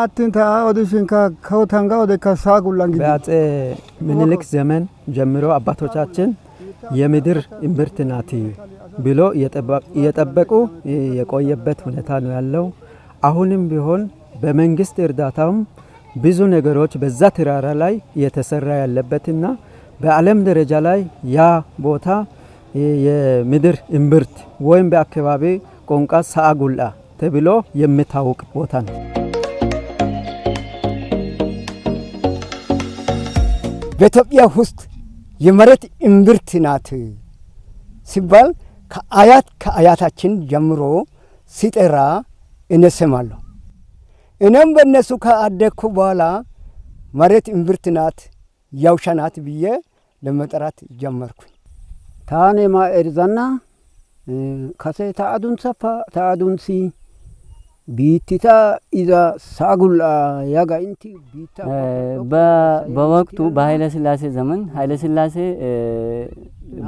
አትንታ ኦዲሽንካ ከውታንጋ ወደካ ሳጉላ እንግዲህ በአጼ ምኒልክ ዘመን ጀምሮ አባቶቻችን የምድር እምብርት ናት ብሎ እየጠበቁ የቆየበት ሁኔታ ነው ያለው። አሁንም ቢሆን በመንግስት እርዳታም ብዙ ነገሮች በዛ ተራራ ላይ እየተሰራ ያለበትና በዓለም ደረጃ ላይ ያ ቦታ የምድር እምብርት ወይም በአካባቢ ቋንቋ ሳአጉላ ተብሎ የሚታወቅ ቦታ ነው። በኢትዮጵያ ውስጥ የመሬት እምብርት ናት ሲባል ከአያት ከአያታችን ጀምሮ ሲጠራ እነሰማለሁ። እኔም በእነሱ ከአደግኩ በኋላ መሬት እምብርት ናት ያውሻ ናት ብዬ ለመጠራት ጀመርኩኝ። ታኔማ ኤርዛና ከሴ ተአዱን ሰፋ ተአዱን ሲ ቢትታ ኢዛ ሳጉላ ያጋ ኢንቲ ቢታ በወቅቱ በኃይለ ስላሴ ዘመን ኃይለ ስላሴ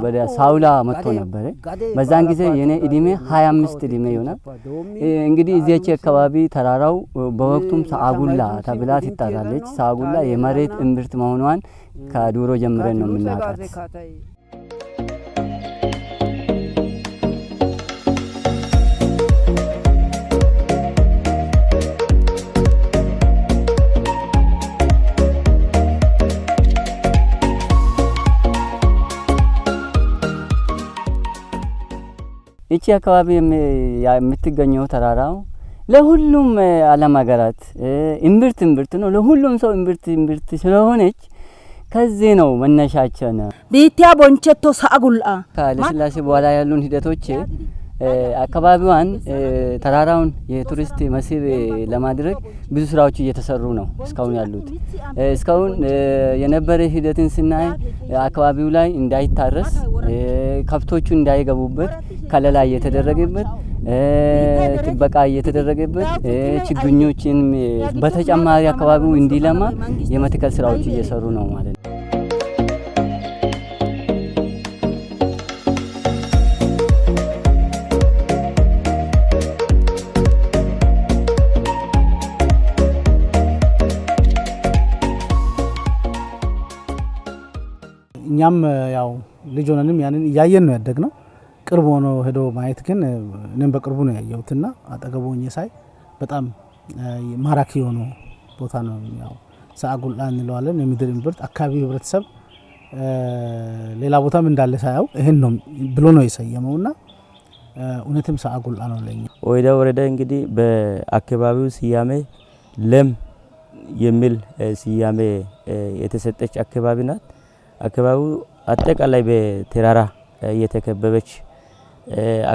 ወደ ሳውላ መጥቶ ነበረ። በዛን ጊዜ የኔ እድሜ 25 እድሜ ይሆናል። እንግዲህ እዚች አካባቢ ተራራው በወቅቱም ሳጉላ ተብላ ትጠራለች። ሳጉላ የመሬት እምብርት መሆኗን ከዱሮ ጀምረን ነው የምናውቃት። እቺ አካባቢ የምትገኘው ተራራው ለሁሉም ዓለም ሀገራት እምብርት እምብርት ነው። ለሁሉም ሰው እምብርት እምብርት ስለሆነች ከዚህ ነው መነሻችን። ቢቲያ ቦንቸቶ ሳጉልአ ከኃይለሥላሴ በኋላ ያሉን ሂደቶች አካባቢዋን ተራራውን የቱሪስት መስህብ ለማድረግ ብዙ ስራዎች እየተሰሩ ነው። እስካሁን ያሉት እስካሁን የነበረ ሂደትን ስናይ አካባቢው ላይ እንዳይታረስ ከብቶቹ እንዳይገቡበት ከለላ እየተደረገበት ጥበቃ እየተደረገበት ችግኞችን በተጨማሪ አካባቢው እንዲለማ የመትከል ስራዎች እየሰሩ ነው ማለት ነው። እኛም ያው ልጅ ሆነንም ያንን እያየን ነው ያደግ ነው። ቅርብ ሆኖ ሄዶ ማየት ግን እኔም በቅርቡ ነው ያየሁትና አጠገቡ ሆኜ ሳይ በጣም ማራኪ የሆኑ ቦታ ነው። ያው ሰአጉላ እንለዋለን የምድር እምብርት አካባቢ ህብረተሰብ ሌላ ቦታም እንዳለ ሳያው ይህን ነው ብሎ ነው የሰየመውና እውነትም ሰአጉላ ነው ለኛ። ወይዳ ወረዳ እንግዲህ በአካባቢው ስያሜ ለም የሚል ስያሜ የተሰጠች አካባቢ ናት። አካባቢው አጠቃላይ በተራራ የተከበበች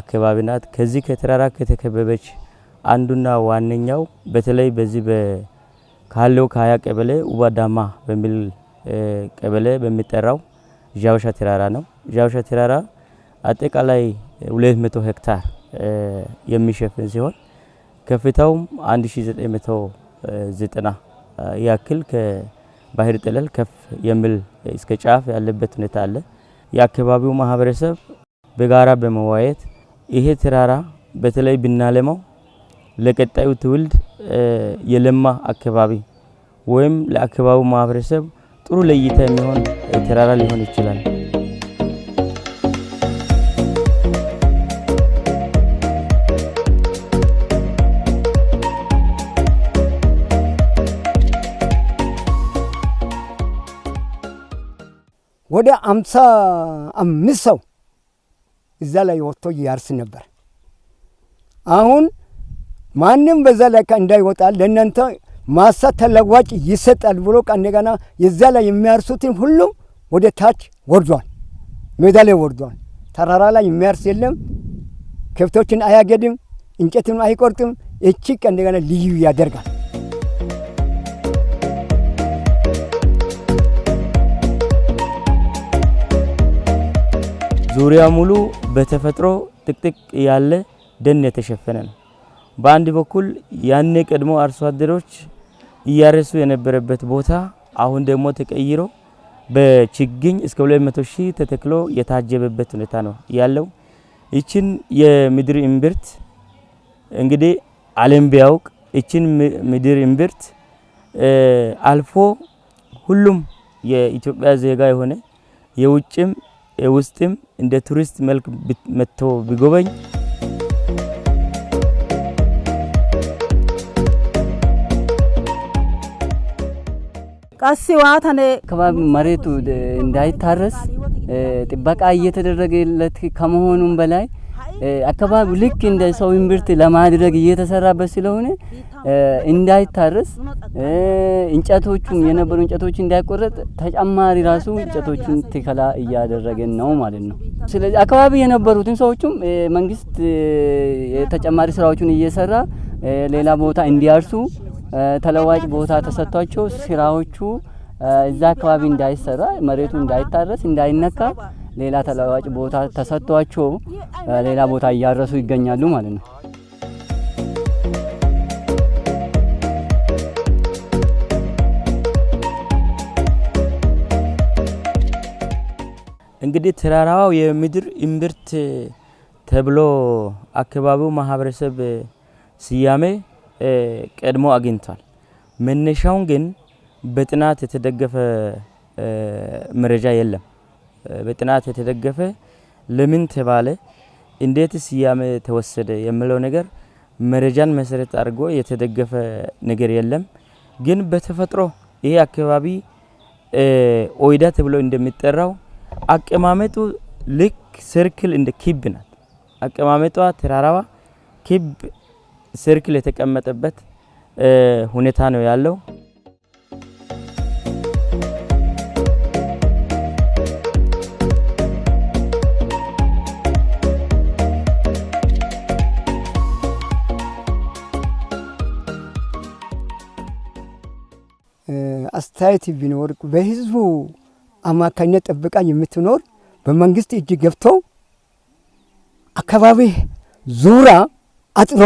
አካባቢ ናት። ከዚህ ከተራራ ከተከበበች አንዱና ዋነኛው በተለይ በዚህ ካለው ከሀያ ቀበሌ ውባዳማ በሚል ቀበሌ በሚጠራው ዣውሻ ተራራ ነው። ዣውሻ ተራራ አጠቃላይ 200 ሄክታር የሚሸፍን ሲሆን ከፍታውም 1990 ያክል ከባህር ጠለል ከፍ የሚል እስከ ጫፍ ያለበት ሁኔታ አለ። የአካባቢው ማህበረሰብ በጋራ በመዋየት ይሄ ተራራ በተለይ ብናለማው ለቀጣዩ ትውልድ የለማ አካባቢ ወይም ለአካባቢው ማህበረሰብ ጥሩ ለእይታ የሚሆን ተራራ ሊሆን ይችላል። ወደ አምሳ አምስት ሰው እዛ ላይ ወጥቶ ያርስ ነበር። አሁን ማንም በዛ ላይ እንዳይወጣ ለእናንተ ማሳ ተለዋጭ ይሰጣል ብሎ እንደገና የዛ ላይ የሚያርሱትን ሁሉም ወደ ታች ወርዷል፣ ሜዳ ላይ ወርዷል። ተራራ ላይ የሚያርስ የለም። ከብቶችን አያገድም፣ እንጨትን አይቆርጥም። እቺ እንደገና ልዩ ያደርጋል። ዙሪያ ሙሉ በተፈጥሮ ጥቅጥቅ ያለ ደን የተሸፈነ ነው። በአንድ በኩል ያኔ ቀድሞ አርሶ አደሮች እያረሱ የነበረበት ቦታ አሁን ደግሞ ተቀይሮ በችግኝ እስከ 200 ሺህ ተተክሎ የታጀበበት ሁኔታ ነው ያለው። ይችን የምድር እምብርት እንግዲህ ዓለም ቢያውቅ ይችን ምድር እምብርት አልፎ ሁሉም የኢትዮጵያ ዜጋ የሆነ የውጭም ውስጥም እንደ ቱሪስት መልክ መጥቶ ቢጎበኝ ቀስ ዋተነ ከባቢ መሬቱ እንዳይታረስ ጥበቃ እየተደረገለት ከመሆኑም በላይ አካባቢ ልክ እንደ ሰው እምብርት ለማድረግ እየተሰራበት ስለሆነ እንዳይታረስ እንጨቶቹም የነበሩ እንጨቶች እንዳይቆረጥ ተጨማሪ ራሱ እንጨቶቹን ትከላ እያደረገን ነው ማለት ነው። ስለዚህ አካባቢ የነበሩትን ሰዎችም መንግስት ተጨማሪ ስራዎችን እየሰራ ሌላ ቦታ እንዲያርሱ ተለዋጭ ቦታ ተሰጥቷቸው ስራዎቹ እዛ አካባቢ እንዳይሰራ መሬቱ እንዳይታረስ እንዳይነካ ሌላ ተለዋጭ ቦታ ተሰጥቷቸው ሌላ ቦታ እያረሱ ይገኛሉ ማለት ነው። እንግዲህ ተራራው የምድር እምብርት ተብሎ አካባቢው ማህበረሰብ ስያሜ ቀድሞ አግኝቷል። መነሻውን ግን በጥናት የተደገፈ መረጃ የለም። በጥናት የተደገፈ ለምን ተባለ እንዴት ስያሜ ተወሰደ የሚለው ነገር መረጃን መሰረት አድርጎ የተደገፈ ነገር የለም። ግን በተፈጥሮ ይሄ አካባቢ ኦይዳ ተብሎ እንደሚጠራው አቀማመጡ ልክ ሰርክል እንደ ኪብ ናት። አቀማመጧ ተራራዋ ኪብ ሰርክል የተቀመጠበት ሁኔታ ነው ያለው። አስተያየት ቢኖር በህዝቡ አማካኝነት ጠብቃ የምትኖር በመንግስት እጅ ገብቶ አካባቢ ዙራ አጥሮ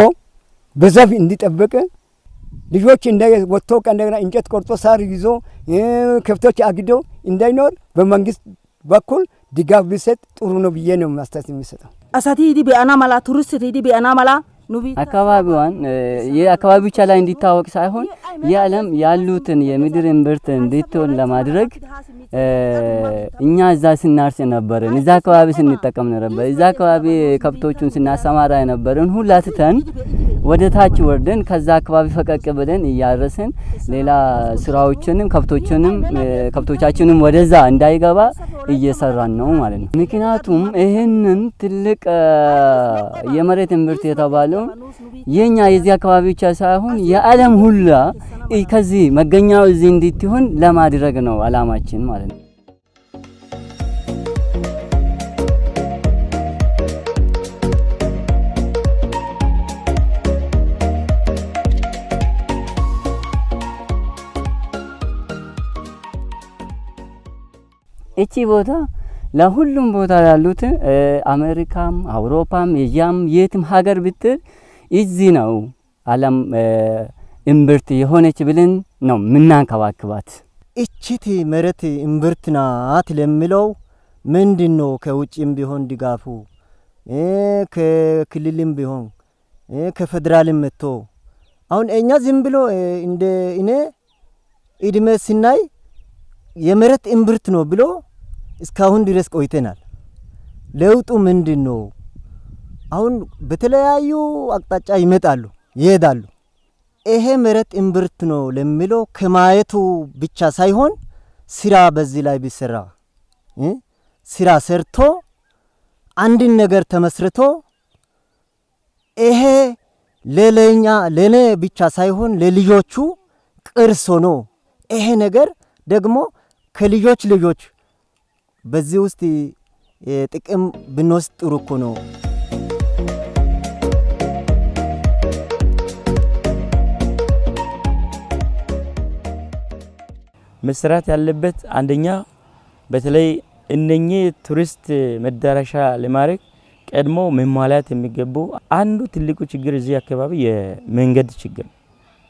በዛፍ እንዲጠብቅ ልጆች ወጥቶ እንደገና እንጨት ቆርጦ ሳር ይዞ ከብቶች አግዶ እንዳይኖር በመንግስት በኩል ድጋፍ ቢሰጥ ጥሩ ነው ብዬ ነው አስተያየት የሚሰጠው። አሳቲ ዲ ቢአና ማላ ቱሪስት ዲ ቢአና ማላ አካባቢዋን የአካባቢ ብቻ ላይ እንዲታወቅ ሳይሆን የዓለም ያሉትን የምድር እምብርት እንድትሆን ለማድረግ እኛ እዛ ስናርስ የነበርን እዛ አካባቢ ስንጠቀም ነበር፣ እዛ አካባቢ ከብቶቹን ስናሰማራ የነበርን ሁላ ትተን ወደ ታች ወርደን ከዛ አካባቢ ፈቀቅ ብለን እያረስን ሌላ ስራዎችንም ከብቶችንም ከብቶቻችንም ወደዛ እንዳይገባ እየሰራን ነው ማለት ነው። ምክንያቱም ይህንን ትልቅ የመሬት እምብርት የተባለው እንደውም የኛ የዚህ አካባቢ ብቻ ሳይሆን የዓለም ሁላ ከዚህ መገኛው እዚህ እንድትሆን ለማድረግ ነው አላማችን ማለት ነው። እቺ ቦታ ለሁሉም ቦታ ያሉት አሜሪካም፣ አውሮፓም፣ ኤዥያም የትም ሀገር ብትል እዚህ ነው ዓለም እምብርት የሆነች ብለን ነው ምናንከባክባት። እችት መሬት እምብርት ናት ለሚለው ምንድን ነው ከውጭም ቢሆን ድጋፉ ከክልልም ቢሆን ከፌዴራልም መጥቶ አሁን እኛ ዝም ብሎ እንደ እኔ እድሜ ስናይ የመሬት እምብርት ነው ብሎ እስካሁን ድረስ ቆይተናል። ለውጡ ምንድን ነው? አሁን በተለያዩ አቅጣጫ ይመጣሉ ይሄዳሉ። ይሄ መሬት እምብርት ነው ለሚለው ከማየቱ ብቻ ሳይሆን ስራ በዚህ ላይ ቢሰራ ስራ ሰርቶ አንድን ነገር ተመስርቶ ይሄ ለለኛ ለኔ ብቻ ሳይሆን ለልጆቹ ቅርስ ሆኖ ይሄ ነገር ደግሞ ከልጆች ልጆች በዚህ ውስጥ ጥቅም ብንወስድ ጥሩ እኮ ነው። መሰራት ያለበት አንደኛ በተለይ እነኚህ ቱሪስት መዳረሻ ለማድረግ ቀድሞ መሟላት የሚገቡ አንዱ ትልቁ ችግር እዚህ አካባቢ የመንገድ ችግር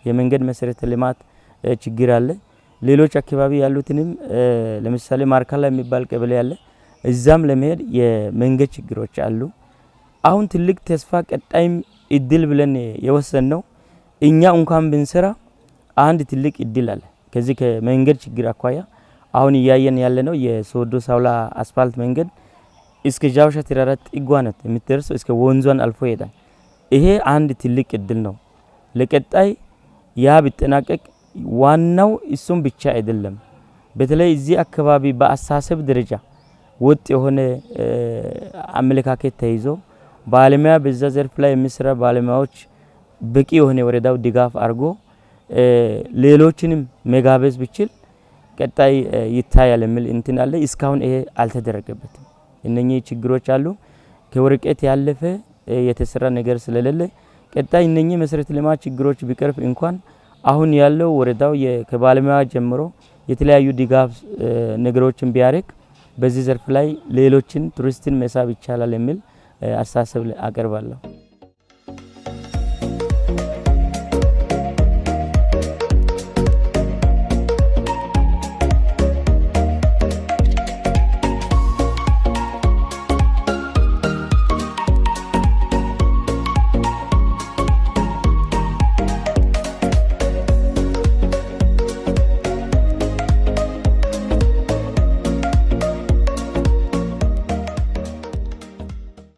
የመንገድ መሰረተ ልማት ችግር አለ። ሌሎች አካባቢ ያሉትንም ለምሳሌ ማርካላ የሚባል ቀበሌ ያለ እዛም ለመሄድ የመንገድ ችግሮች አሉ። አሁን ትልቅ ተስፋ ቀጣይም እድል ብለን የወሰን ነው። እኛ እንኳን ብንሰራ አንድ ትልቅ እድል አለ። ከዚህ ከመንገድ ችግር አኳያ አሁን እያየን ያለ ነው። የሶዶ ሳውላ አስፋልት መንገድ እስከ ጃውሻ ተራራ ጥጓነት የምትደርሰው፣ እስከ ወንዟን አልፎ ይሄዳል። ይሄ አንድ ትልቅ እድል ነው። ለቀጣይ ያ ቢጠናቀቅ ዋናው እሱም ብቻ አይደለም። በተለይ እዚህ አካባቢ በአስተሳሰብ ደረጃ ወጥ የሆነ አመለካከት ተይዞ ባለሙያ በዛ ዘርፍ ላይ የሚሰራ ባለሙያዎች በቂ የሆነ ወረዳው ድጋፍ አድርጎ ሌሎችንም መጋበዝ ብችል ቀጣይ ይታያል የሚል እንትን አለ። እስካሁን ይሄ አልተደረገበትም። እነኚህ ችግሮች አሉ። ከወረቀት ያለፈ የተሰራ ነገር ስለሌለ ቀጣይ እነኚህ መሰረተ ልማት ችግሮች ቢቀርፍ እንኳን አሁን ያለው ወረዳው ከባለሙያ ጀምሮ የተለያዩ ድጋፍ ነገሮችን ቢያደርግ በዚህ ዘርፍ ላይ ሌሎችን ቱሪስትን መሳብ ይቻላል የሚል አስተሳሰብ አቀርባለሁ።